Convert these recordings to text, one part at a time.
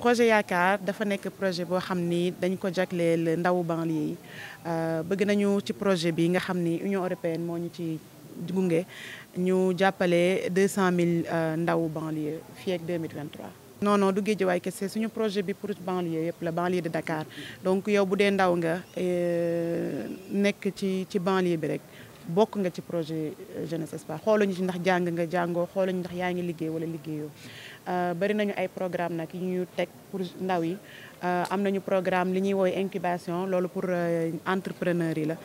projet yaakaar dafa nekk projet boo xam ni dañ ko jagleel ndawu banlieue yi euh, bëgg nañu ci projet bi nga xam ni Union européenne moo ñu ci gunge ñu jàppale 200000 euh, ndawu banlieue fii ak 2023. non non du Guédiawaye kese suñu projet bi pour banlieue yëpp la banlieue de Dakar donc yow bu dee ndaw nga euh, nekk ci ci banlieue bi rek bokk nga ci projet euh, jeunesse espoir ñu ci ndax jàng nga jàngoo ñu ndax yaa ngi liggéey wala liggéeyoo euh, bari nañu ay programme nag yu ñu teg pour ndaw yi euh, am nañu programme li ñuy woowee incubation loolu pour entrepreneur yi la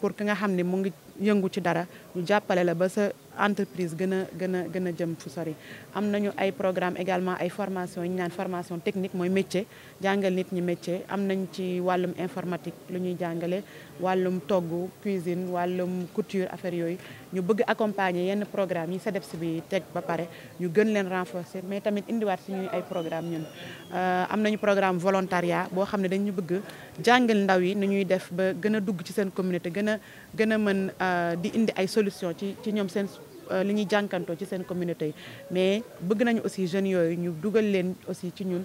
pour ki nga xam ne mu ngi yëngu ci dara ñu jàppale la ba sa entreprise gën a gën a gën a jëm fu sori am nañu ay programme également ay formation ñu naan formation technique mooy métier jàngal nit ñi métier am nañ ci wàllum informatique lu ñuy jàngale wàllum togg cuisine wàllum culture affaire yooyu ñu bëgg accompagner yenn programme yi si bi teg ba pare ñu gën leen renforcer mais tamit indiwaat si ñuy ay programme ñun euh, am nañu programme volontaria boo xam ne dañu bëgg jàngal ndaw yi nu ñuy def ba gën a dugg ci seen communauté gën a gën a mën euh, di indi ay solution ci ci ñoom seen Euh, li ñuy jànkantoo ci seen communauté yi mais bëgg nañu aussi jeunes yooyu ñu dugal leen aussi ci ñun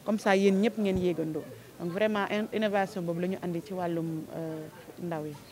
comme ça yéen ñëpp ngeen yéegandoo donc vraiment innovation boobu la ñu andi ci wàllum euh, ndaw yi